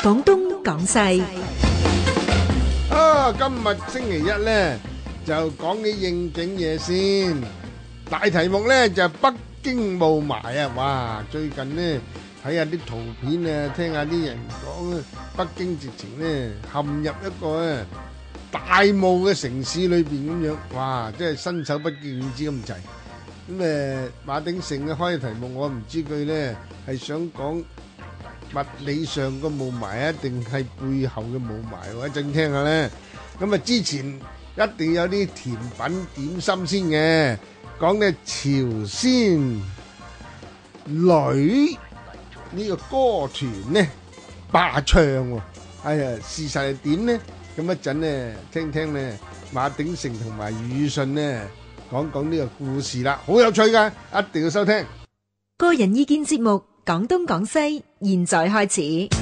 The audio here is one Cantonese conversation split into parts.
廣東廣西啊！今日星期一咧，就講起應景嘢。先大題目咧就係北京霧霾啊！哇，最近呢，睇下啲圖片啊，聽一下啲人講，北京直情咧陷入一個咧大霧嘅城市裏邊咁樣。哇，真係伸手不見五指咁滯。咁誒、嗯，馬鼎盛嘅開題目，我唔知佢咧係想講。物理上嘅霧霾一定係背後嘅霧霾？一陣聽一下咧。咁啊，之前一定有啲甜品點心先嘅，講咧朝鮮女呢、呢個歌團呢，霸唱、哦。哎呀，事實係點呢？咁一陣呢，聽聽呢馬鼎盛同埋汝信呢講講呢個故事啦，好有趣嘅，一定要收聽。個人意見節目，講東講西。現在開始。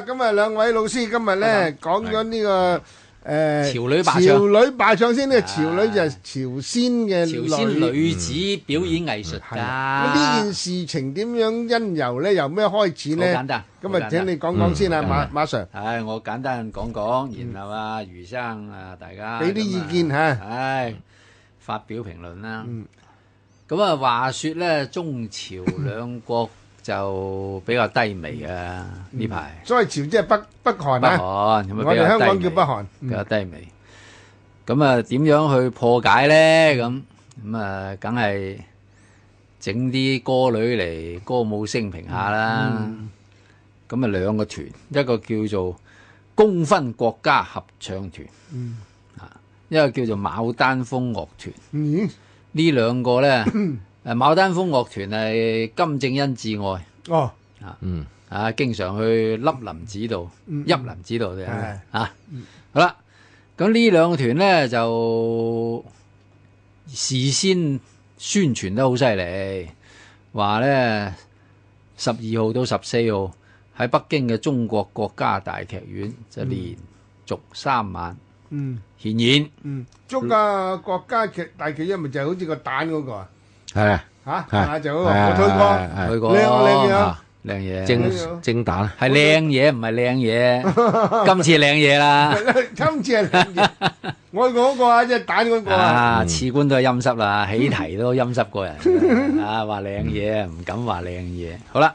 今日兩位老師今日咧講咗呢、啊這個誒、啊呃，朝女扮唱先咧，朝女就係、啊、朝鮮嘅朝鮮女子表演藝術家。呢、啊啊啊嗯啊、件事情點樣因由咧？由咩開始呢？簡單咁啊，請你講講先啊，馬馬 Sir。唉、啊，我簡單講講、啊，然後啊，余生啊，大家俾啲意見吓，唉、啊啊，發表評論啦。咁、嗯、啊，話說咧，中朝兩國。 就比較低微啊！呢排，所以朝即係北北韓啦，我哋香港叫北韓比較低微。咁啊，點樣去破解咧？咁咁啊，梗係整啲歌女嚟歌舞升平下啦。咁啊，兩個團，一個叫做功勳國家合唱團，啊，一個叫做牡丹峰樂團。呢兩個咧。牡、啊、丹峰樂團係金正恩至愛哦，啊，嗯，啊，經常去蒞臨指導、蒞、嗯、臨指導嘅，啊，嗯、好啦，咁呢兩個團呢，就事先宣傳得好犀利，話呢，十二號到十四號喺北京嘅中國國家大劇院就連續三晚嗯獻演，嗯，中、嗯、國、嗯啊、國家劇大劇院咪就係好似個蛋嗰個啊？係啊，吓、啊，就推個我去過，去、啊、過，靚啊靚嘢，靚嘢，正正蛋，係靚嘢，唔係靚嘢，今次靚嘢啦，今次係靚嘢，我講過啊，即係打嗰個啊，次官都陰濕啦，起提都陰濕過人，啊，話靚嘢唔敢話靚嘢，好啦，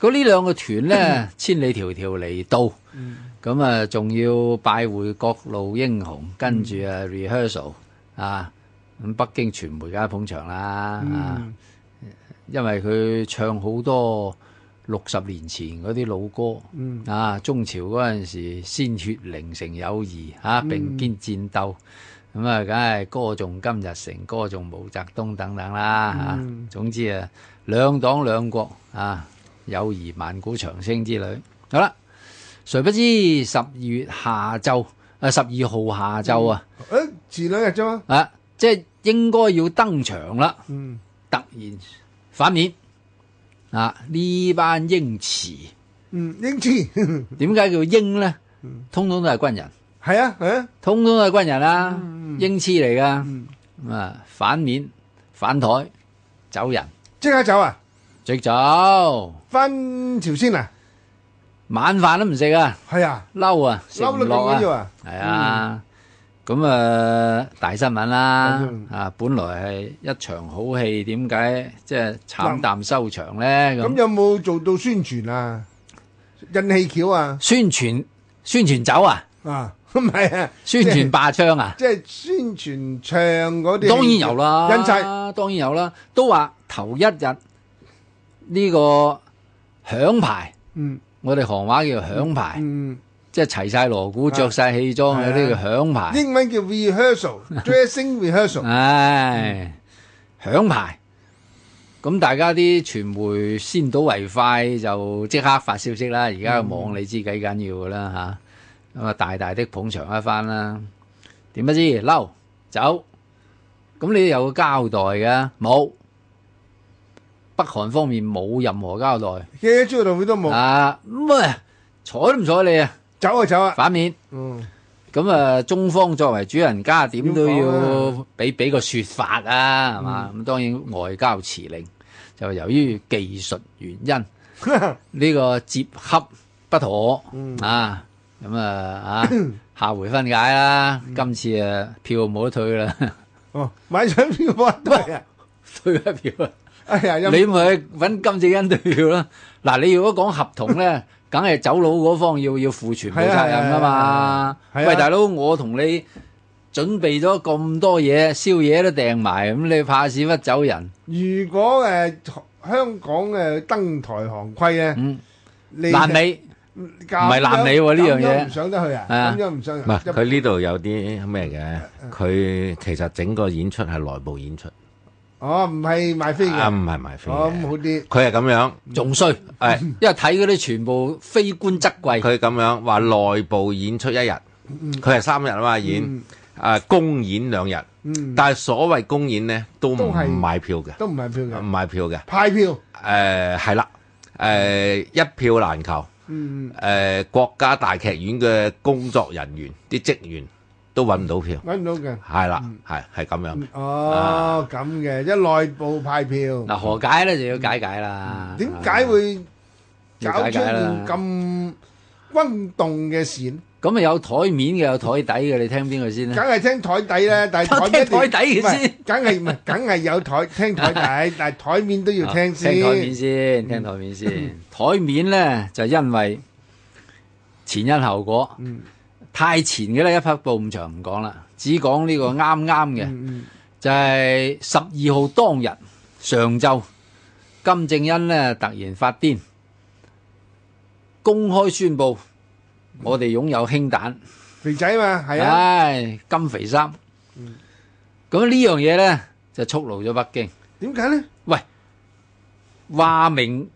嗰呢兩個團呢，千里迢迢嚟到，咁啊，仲要拜會各路英雄，跟住啊 rehearsal 啊。咁北京傳媒梗係捧場啦、嗯，啊！因為佢唱好多六十年前嗰啲老歌、嗯，啊，中朝嗰陣時鮮血凝成友誼，啊，並肩戰鬥，咁、嗯、啊，梗係歌頌金日成歌頌毛澤東等等啦，啊，嗯、總之啊，兩黨兩國啊，友誼萬古長青之類，好啦，誰不知十二月下晝、嗯，啊，十二號下晝啊，誒，遲兩日啫啊！即係應該要登場啦、嗯，突然反面啊！呢班英雌，嗯，英雌，點 解叫英呢？通通都係軍人，係啊，係啊，通通都係軍人啦、啊嗯，英雌嚟噶，啊、嗯嗯，反面反台走人，即刻走啊！直走翻朝鮮啊！晚飯都唔食啊？係啊，嬲啊，嬲到咁啊？係啊。咁啊、呃，大新聞啦、啊嗯！啊，本來係一場好戲，點解即係慘淡收場咧？咁、嗯嗯、有冇做到宣傳啊？印戲橋啊？宣傳宣傳走啊？啊，唔係啊，宣傳霸唱啊？即係宣傳唱嗰啲，當然有啦，印製當然有啦，都話頭一日呢、呢個響牌，嗯，我哋行話叫響牌，嗯。嗯即係齊晒鑼鼓，着晒戲裝，啊、有啲叫響牌。英文叫 rehearsal，dressing rehearsal。唉、哎，響、嗯、牌。咁大家啲傳媒先睹為快，就即刻發消息啦。而家個網你知幾緊要噶啦吓，咁、嗯、啊大大的捧場一番啦。點不知嬲走？咁你有個交代噶？冇。北韓方面冇任何交代。嘅、 啊，記者招待會都冇。啊，唔係，睬都唔睬你啊！走啊走啊，反面。嗯，咁啊，中方作為主人家，點都要俾俾、哦、個說法啊，係、嗯、嘛？咁當然外交辭令就由於技術原因呢、嗯這個接洽不妥、嗯、啊。咁啊啊，下回分解啦。嗯、今次啊票冇得退啦。哦，買咗票冇得退啊， 退啊票啊。哎呀，嗯、你咪搵金正恩退票啦。嗱，你如果講合同咧？嗯梗係走佬嗰方要要負全部責任噶嘛、啊啊啊？喂，大佬，我同你準備咗咁多嘢，宵夜都訂埋，咁你怕事乜走人？如果、呃、香港登台行規咧，爛、嗯、尾，唔係爛尾喎呢樣嘢。唔想得去啊？唔上唔咪佢呢度有啲咩嘅？佢、啊、其實整個演出係內部演出。哦，唔係賣飛啊，唔係賣飛咁好啲。佢係咁樣，仲衰，因為睇嗰啲全部非官則貴。佢 咁樣話內部演出一日，佢、嗯、係三日啊嘛演、嗯呃，公演兩日、嗯，但係所謂公演呢，都唔係買票嘅，都唔買票嘅，唔買票嘅，派票，誒係啦，誒、呃、一票難求，誒、嗯呃、國家大劇院嘅工作人員啲職員。都揾唔到票，揾唔到嘅，係啦，係係咁樣。哦，咁嘅，即係內部派票。嗱，何解咧？就要解解啦。點解會搞出面咁轟動嘅事咧？咁啊有台面嘅，有台底嘅，你聽邊個先咧？梗係聽台底啦，但係台面。聽台底先，梗係唔係，梗係有台聽台底，但係台面都要聽先。聽台面先，聽台面先。台面咧就因為前因後果。嗯。太前嘅啦，一匹布咁長唔講啦，只講呢個啱啱嘅，就係十二號當日上晝，金正恩呢突然發癲，公開宣布我哋擁有氫彈，肥仔嘛係啊，金肥三，咁呢樣嘢呢就觸怒咗北京，點解呢？喂，話明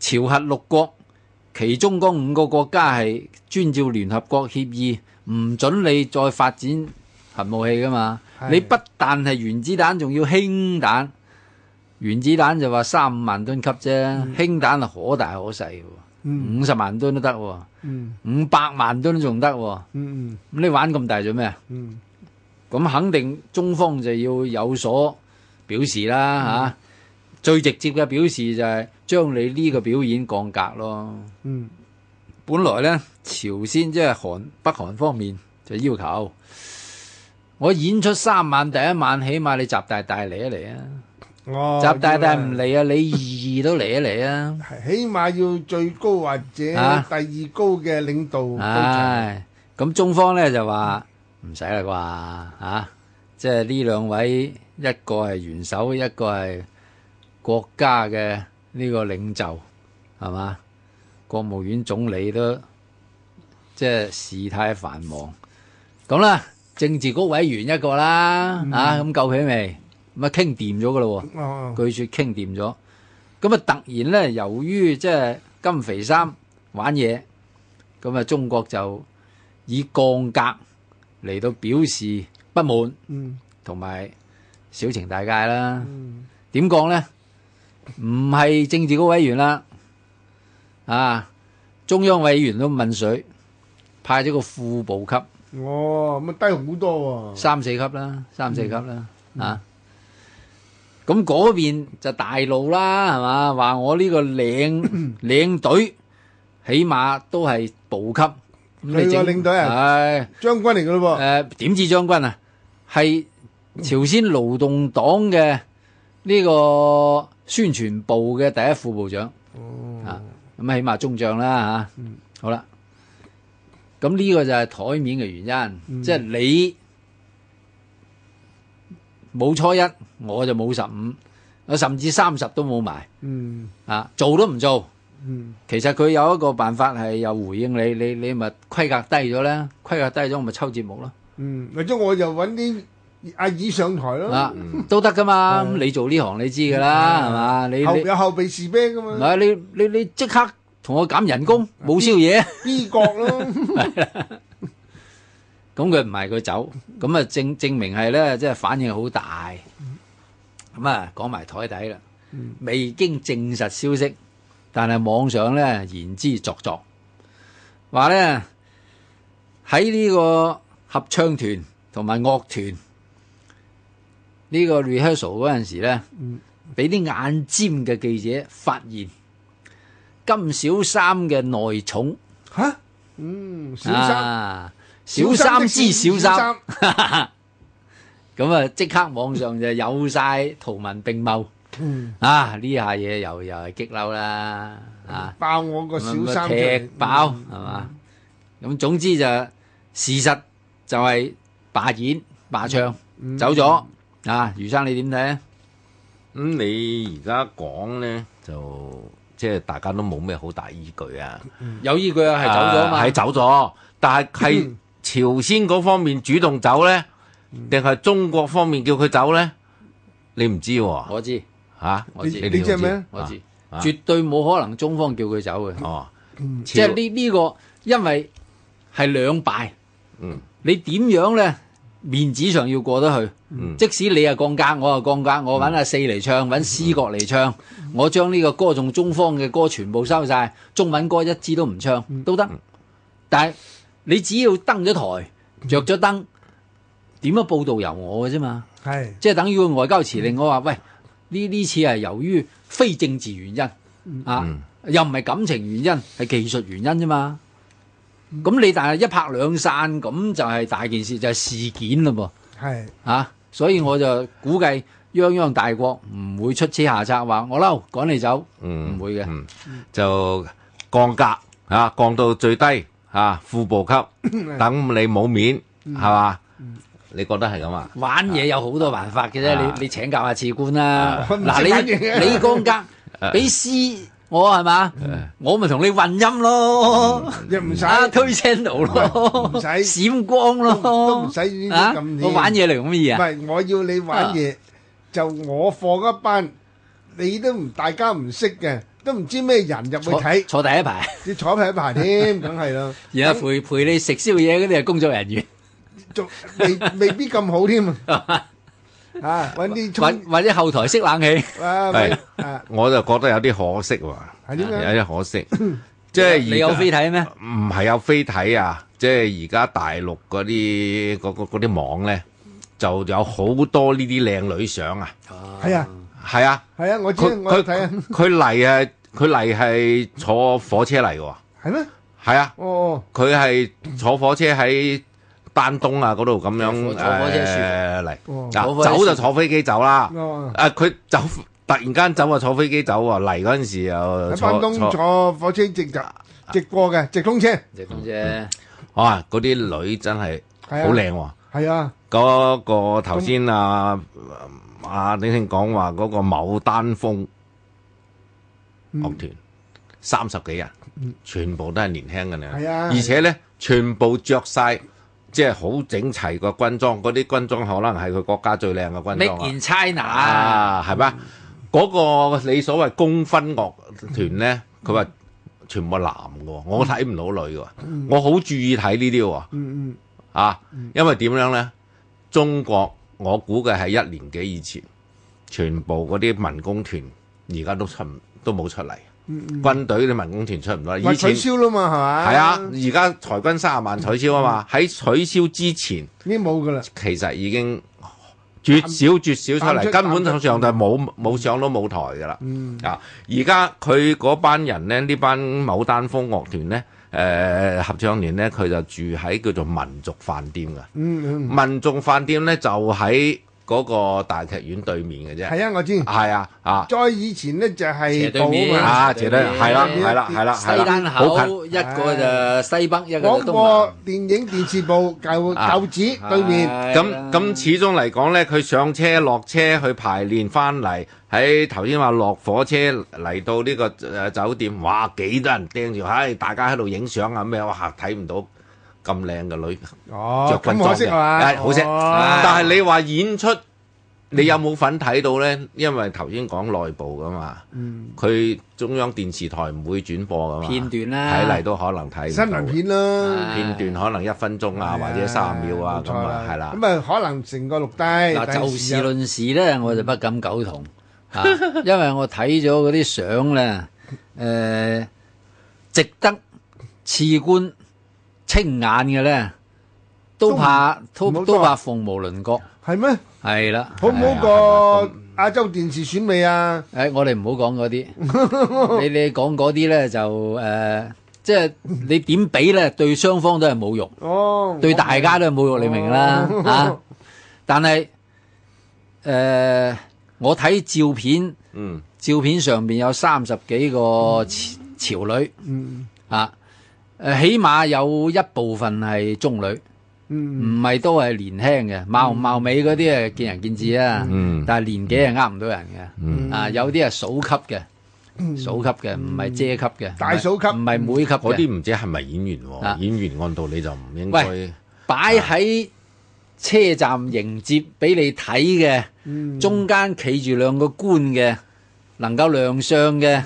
朝核六國。其中嗰五個國家係遵照聯合國協議，唔准你再發展核武器噶嘛。你不但係原子彈，仲要氫彈。原子彈就話三五萬噸級啫，氫、嗯、彈可大可細喎，五、嗯、十萬噸都得喎，五、嗯、百萬噸都仲得喎。咁、嗯嗯、你玩咁大做咩啊？咁、嗯、肯定中方就要有所表示啦、啊嗯、最直接嘅表示就係、是。將你呢個表演降格咯。嗯，本來呢，朝鮮即係韓北韓方面就要求我演出三晚，第一晚起碼你習大大嚟一嚟啊。哦、習大大唔嚟啊，你二、二都嚟一嚟啊， 起碼要最高或者第二高嘅領導、啊。唉、哎，咁中方呢，就話唔使啦啩，即係呢兩位一個係元首，一個係國家嘅。呢、這個領袖係嘛？國務院總理都即係事態繁忙，咁啦，政治局委員一個啦，嚇、嗯、咁、啊、夠氣未？咁啊傾掂咗噶咯喎，據説傾掂咗，咁啊突然咧，由於即係金肥三玩嘢，咁啊中國就以降格嚟到表示不滿，同、嗯、埋小情大戒啦，點講咧？唔係政治局委員啦，啊，中央委員都問水派咗個副部級，哦咁低好多，啊，三四級啦，三四級啦，嗯、啊。咁嗰邊就大路啦，係嘛？話我呢個領，嗯、領隊起碼都係部級，係個領隊啊，係、啊、將軍嚟噶咯。誒、呃，點知將軍啊？係朝鮮勞動黨嘅呢個。宣傳部嘅第一副部長，哦、啊，咁起碼中將啦吓、嗯啊，好啦，咁呢個就係台面嘅原因，嗯、即係你冇初一，我就冇十五，我甚至三十都冇埋、嗯，啊，做都唔做、嗯，其實佢有一個辦法係又回應你，你你咪規格低咗咧，規格低咗我咪抽節目咯，為咗我就揾啲嗯阿姨上台咯，都得噶嘛？咁你做呢行你知噶啦，係嘛？你後有後備士兵噶嘛？唔係你你你即刻同我減人工，冇宵夜，邊個咯？咁佢唔係佢走，咁啊證證明係咧，即係反應好大。咁啊講埋台底啦，未經證實消息，但係網上咧言之鑿鑿，話咧喺呢個合唱團同埋樂團。呢個 rehearsal 嗰陣時呢，俾啲眼尖嘅記者發現金小三嘅內寵嚇，嗯，小三小三，知小三咁啊，即刻網上就有晒圖文並茂啊！呢下嘢又又係激嬲啦啊！爆我個小三踢爆係嘛？咁總之就事實就係罷演罷唱走咗。啊，余生你點睇？咁、嗯、你而家講咧，就即係大家都冇咩好大依據啊。嗯、有依據啊，係走咗嘛？係、啊、走咗，但係係朝鮮嗰方面主動走咧，定、嗯、係中國方面叫佢走咧、嗯嗯？你唔知我知吓，我知你知咩？我知，我知，我知、啊、絕對冇可能中方叫佢走嘅、嗯，即係呢呢個因為係兩敗。嗯，你點樣咧？面子上要過得去，嗯、即使你又降格，我又降格，我揾阿四嚟唱，揾、嗯、思國嚟唱，嗯、我將呢個歌頌中方嘅歌全部收晒，中文歌一支都唔唱、嗯、都得、嗯。但係你只要登咗台，着咗燈，點、嗯、樣報導由我嘅啫嘛？即係、就是、等於外交辭令，嗯、我話喂，呢呢次係由於非政治原因，嗯、啊，嗯、又唔係感情原因，係技術原因啫嘛。咁、嗯、你但係一拍兩散咁就係大件事，就係、是、事件嘞噃。係啊，所以我就估計泱泱大國唔會出此下策，話我嬲趕你走，唔、嗯、會嘅、嗯，就降格，啊，降到最低啊，副部級 等你冇面，係、嗯、嘛、嗯？你覺得係咁啊？玩嘢有好多辦法嘅啫、啊，你你請教下賜官啦、啊。嗱、啊啊啊啊，你、啊、你，你降格，俾、啊、私我係嘛，我咪同你混音咯，又唔使推聲道咯，唔使閃光咯，都唔使啊！我玩嘢嚟，咁乜嘢啊？唔係，我要你玩嘢，就我放一班，你都唔大家唔識嘅，都唔知咩人入去睇，坐第一排，你坐第一排添，梗係咯。而家陪陪你食宵夜嗰啲係工作人員，仲未未必咁好添。啊！啲或，或者後台熄冷氣，係、啊啊，我就覺得有啲可惜喎。有啲可惜，即係、 就是、你有飛睇咩？唔係有飛睇啊！即係而家大陸嗰啲嗰啲網咧，就有好多呢啲靚女相啊！係啊，係啊，係啊，啊，啊！我知我睇啊，佢嚟啊，佢嚟係坐火車嚟嘅喎。係咩？係啊。哦，哦，佢係坐火車喺。丹東啊，嗰度咁樣坐火車誒嚟，走就坐飛機走啦。誒，佢走突然間走啊，坐飛機走啊。嚟嗰陣時又坐坐坐，坐火車直直直過嘅直通車。直通車啊！嗰啲女真係好靚喎。係啊，嗰個頭先啊啊，頂天講話嗰個牡丹峰樂團三十幾人，全部都係年輕嘅咧，係啊，而且咧全部着晒。即係好整齊個軍裝，嗰啲軍裝可能係佢國家最靚嘅軍裝。Made in China 啊，係咪？嗰個你所謂公分樂團呢，佢、嗯、話全部男喎，我睇唔到女嘅、嗯，我好注意睇呢啲喎。嗯、嗯啊，因為點樣呢？中國我估計係一年幾以前，全部嗰啲民工團而家都出都冇出嚟。軍隊啲民工團出唔到，而取消啦嘛，係咪？係啊，而家裁軍卅萬取消啊嘛，喺、嗯、取消之前已經冇噶啦。其實已經絕少絕少出嚟，根本上就係冇冇上到舞台噶啦。嗯啊，而家佢嗰班人咧，班牡丹峰呢班牡丹峰樂團咧，誒、呃、合唱團咧，佢就住喺叫做民族飯店㗎、嗯。嗯，民族飯店咧就喺。嗰、那個大劇院對面嘅啫，係啊，我知，係啊，啊！再以前呢，就係斜對面啊，斜對係啦，係啦，係啦，係啦，好近一個就西北，一個東。嗰個電影電視部舊舊址對面。咁、啊、咁始終嚟講呢，佢上車落車去排練翻嚟，喺頭先話落火車嚟到呢個誒酒店，哇，幾多人盯住，唉，大家喺度影相啊咩，我嚇睇唔到。咁靚嘅女著軍、哦、裝嘅，好嘅、哦。但係你話演出，你有冇份睇到呢？嗯、因為頭先講內部㗎嘛，佢、嗯、中央電視台唔會轉播㗎嘛，片段啦，睇嚟都可能睇新聞片啦，片段可能一分鐘啊，啊或者三秒啊咁啊，係啦。咁啊，可能成個錄低就事論事呢，嗯、我就不敢苟同、 啊、因為我睇咗嗰啲相呢，誒、 呃、值得次觀。拼眼嘅咧，都怕都都，都怕鳳毛麟角，係咩？係啦，好唔好過亞洲電視選美啊？誒，我哋唔好講嗰啲，你你講嗰啲咧就誒、呃，即係你點畀咧，對雙方都係侮辱、哦，對大家都係侮辱，你明啦吓、哦 啊？但係誒、呃，我睇照片，嗯，照片上邊有三十幾個潮女，嗯，潮嗯啊。誒，起碼有一部分係中女，唔、嗯、係都係年輕嘅，貌唔貌美嗰啲係見仁見智、嗯是人嗯、啊。但係年紀係呃唔到人嘅，啊有啲係數級嘅、嗯，數級嘅，唔係遮級嘅、嗯，大數級，唔係每級嘅。嗰啲唔知係咪演員喎、啊啊？演員按道理就唔應該。喂，擺喺車站迎接俾你睇嘅、啊，中間企住兩個官嘅，能夠亮相嘅，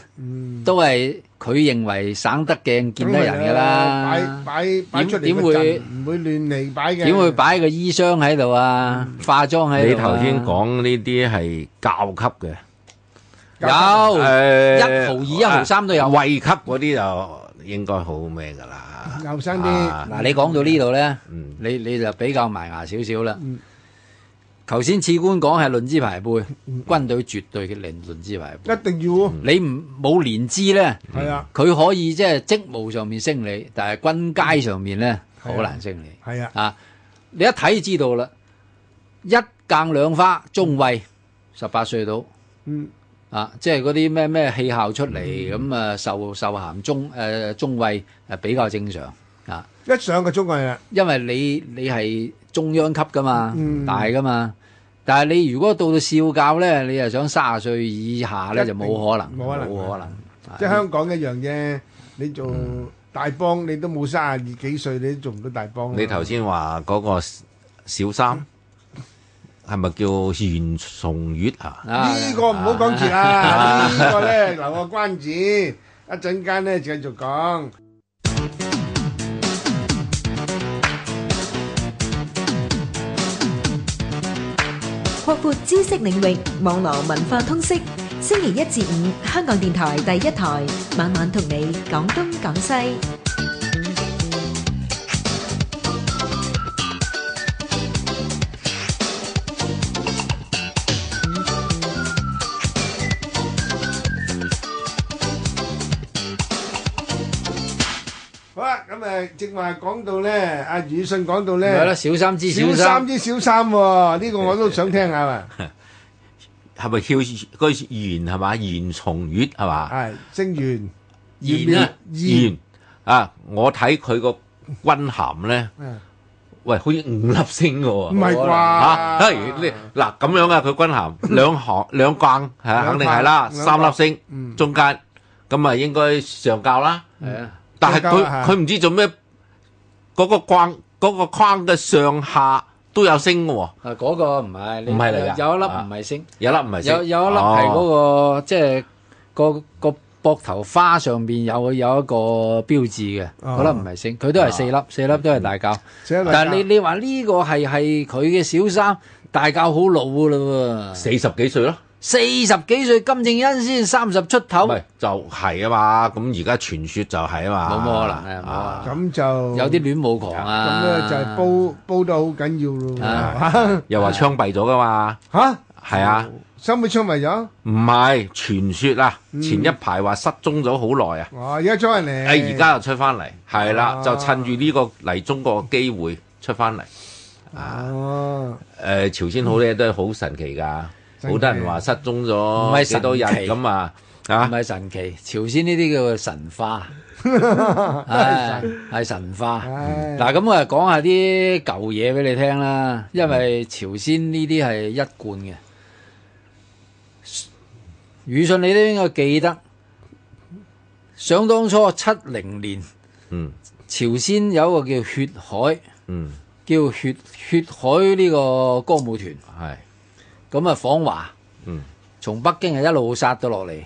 都係。佢認為省得鏡見得人嘅啦。點點會唔會亂嚟擺嘅？點會擺個衣箱喺度啊？化妝喺度，你頭先講呢啲係教級嘅，有一毫二一毫三都有，位級嗰啲就應該好咩嘅啦。後生啲嗱，你講到呢度咧，嗯，你你就比較埋牙少少啦。頭先次官講係論資排輩，軍隊絕對嘅論論資排輩，一定要。你唔冇年資呢係啊，佢、嗯、可以即係職務上面升你，但係軍階上面呢好、嗯、難升你。係、嗯、啊，啊，你一睇就知道啦。一槓兩花中尉十八歲到，嗯，啊，即係嗰啲咩咩氣效出嚟咁啊，受受銜中誒、呃、中尉誒比較正常啊。一上個中尉啦，因為你你係中央級噶嘛，嗯、大噶嘛。但係你如果到到少教咧，你又想三十歲以下咧就冇可能，冇可能，即係香港一樣啫。你做大幫你都冇三十幾歲，你都做唔到大幫。你頭先話嗰個小三係咪叫袁崇月啊？呢個唔好講住啦，呢個咧留個關子，一陣間咧繼續講。擴闊知識領域，網絡文化通識。星期一至五，香港電台第一台，晚晚同你講東講西。咁誒，正話講到咧，阿汝信講到咧，係啦，小三支小三支小三，呢個我都想聽下啊。係咪叫居袁係嘛？袁松月係嘛？係姓袁二一二。啊，我睇佢個軍銜咧，喂，好似五粒星嘅喎。唔係啩？吓，係嗱咁樣啊，佢軍銜兩行兩槓吓，肯定係啦，三粒星中間，咁啊應該上校啦。係啊。但係佢佢唔知做咩嗰個框嗰個框嘅上下都有星嘅喎。啊，嗰個唔係，唔係嚟噶。有一粒唔係星，有粒唔係星。有有一粒係嗰個即係個個膊頭花上邊有有一個標誌嘅，嗰粒唔係星。佢都係四粒，四粒都係大校。但係你你話呢個係係佢嘅小三，大校好老啦喎，四十幾歲咯。四十幾歲，金正恩先三十出頭，是就係、是、啊嘛，咁而家傳說就係啊嘛，冇冇可能，咁、啊、就有啲戀武狂啊，咁、啊、咧就煲煲得好緊要咯、啊，啊、 又話槍斃咗噶嘛，吓係啊，真係槍斃咗？唔係傳說啦，前一排話失蹤咗好耐啊，哦、嗯，而家出嚟，誒，而家又出翻嚟，係、啊、啦，就趁住呢個嚟中國嘅機會出翻嚟，哦、啊，誒、啊，朝鮮好多嘢都係好神奇噶。好多人話失蹤咗，唔係幾多日咁啊？吓，唔、啊、係神奇，朝鮮呢啲叫做神化，係 神化。嗱，咁、嗯、我講下啲舊嘢俾你聽啦，因為朝鮮呢啲係一貫嘅。汝、嗯、信，你都應該記得，想當初七零年，嗯，朝鮮有一個叫血海，嗯，叫血血海呢個歌舞團，係。咁啊！訪華，從北京啊一路殺到落嚟，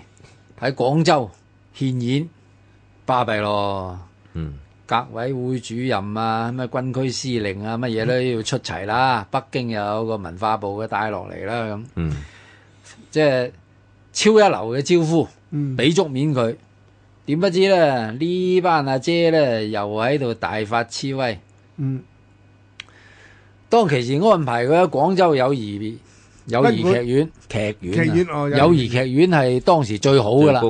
喺廣州獻演巴閉咯。嗯，革委會主任啊，咩軍區司令啊，乜嘢都要出齊啦、嗯。北京又有個文化部嘅帶落嚟啦，咁，即、嗯、係、就是、超一流嘅招呼，俾、嗯、足面佢。點不知咧？班呢班阿姐咧又喺度大發雌威，威。嗯，當其時安排佢喺廣州友誼。友誼劇院，劇院，友誼劇院係當時最好嘅啦。